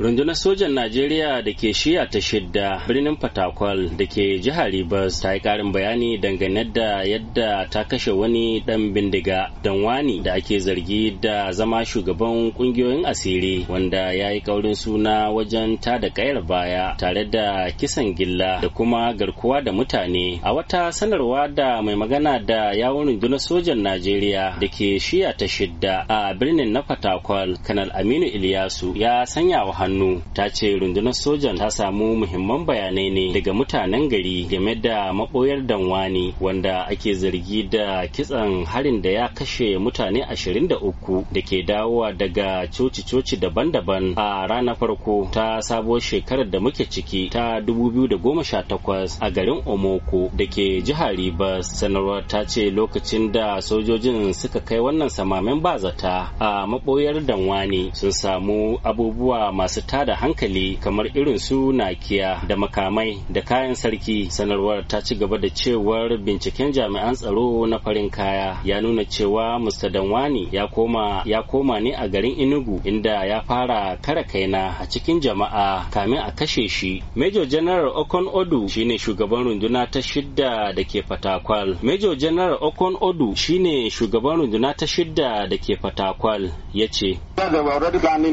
Rundunar sojan Najeriya da ke shiya ta shidda birnin Fatakwal da ke jihar Ribas ta yi karin bayani dangane da yadda ta kashe wani dan bindiga dan wani da ake zargi da zama shugaban kungiyoyin asiri wanda ya yi kaurin suna wajen ta da kayar baya tare da kisan gilla da kuma garkuwa da mutane. A wata sanarwa da mai magana da yawon rundunar sojan Najeriya da ke shiya ta shidda a birnin na Fatakwal, Kanal Aminu Iliyasu ya sanya wa hannu ta ce rundunar sojan ta samu muhimman bayanai ne daga mutanen gari game da maboyar danwani wanda ake zargi da kitsan harin da ya kashe mutane 23 da ke dawowa daga coci-coci daban-daban a ranar farko ta sabuwar shekarar da muke ciki ta 2018 a garin omoko da ke jihar ribas sanarwar ta ce lokacin da sojojin suka kai wannan samamen bazata a maboyar danwani sun samu abubuwa masu masu tada hankali kamar irin su nakiya da makamai da kayan sarki sanarwar ta ci gaba da cewar binciken jami'an tsaro na farin kaya ya nuna cewa mr danwani ya koma ya koma ne a garin inugu inda ya fara kara kaina a cikin jama'a kamin a kashe shi major general okon odu shine shugaban runduna ta shidda da ke fatakwal major general okon odu shine shugaban runduna ta shidda da ke fatakwal ya ce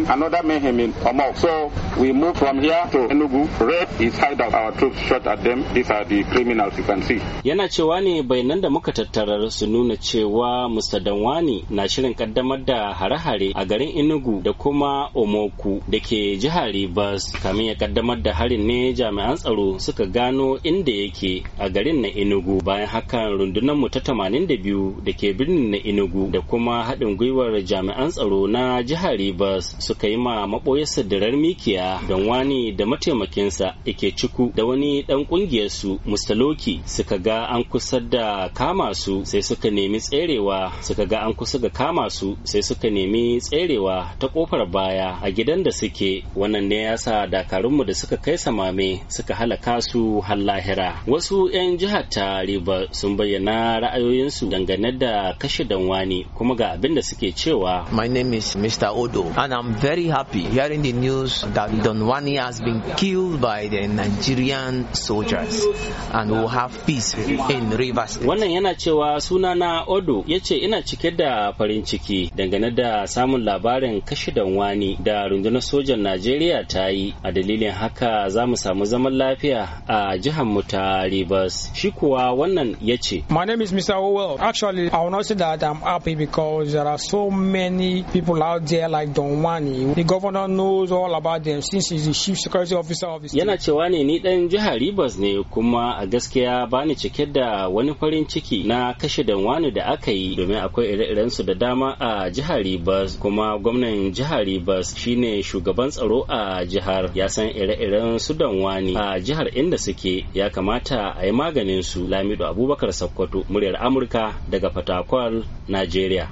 another mayhem in Omo So we move from here to Enugu. Red is hideout. Our troops shot at them. These are the criminals you can see. Yana cewa ne bayanan da muka tattara su nuna cewa Mr. Danwani na shirin kaddamar da hare-hare a garin Enugu da kuma Omoku da ke jihar Rivers kamin ya kaddamar da harin ne jami'an tsaro suka gano inda yake a garin na Enugu bayan hakan rundunar mu ta 82 da ke birnin na Enugu da kuma haɗin gwiwar jami'an tsaro na jihar Rivers suka yi ma maɓoyarsa da jerar mikiya don wani da mataimakinsa ike ciku da wani dan kungiyarsu mustaloki suka ga an kusa da kama su sai suka nemi tserewa suka ga an kusa ga kama su sai suka nemi tserewa ta kofar baya a gidan da suke wannan ne ya yasa dakarunmu da suka kai samame suka halaka su har lahira wasu 'yan jihar ta riba sun bayyana ra'ayoyinsu dangane da kashe danwani kuma ga abin da suke cewa my name is mr odo and i'm very happy hearing the news news that Donwani has been killed by the Nigerian soldiers and will have peace in River State. Wannan yana cewa sunana Odo ya ce ina cike da farin ciki dangane da samun labarin kashe Donwani da rundunar sojan Najeriya ta yi a dalilin haka za mu samu zaman lafiya a jihar mu ta Rivers. Shi kuwa wannan ya ce. My name is Mr. Owell. Actually, I will not say that I'm happy because there are so many people out there like Donwani. The governor knows all all about them since he's the chief security officer of the Yana cewa ne ni dan jihar Rivers ne kuma a gaskiya bani cike da wani farin ciki na kashe danwani da aka yi domin akwai ire-iren su da dama a jihar Rivers kuma gwamnan jihar Rivers shine shugaban tsaro a jihar ya san ire-iren su danwani a jihar inda suke ya kamata a yi maganin su Lamido Abubakar Sokoto muryar Amurka daga Fatakwal Najeriya.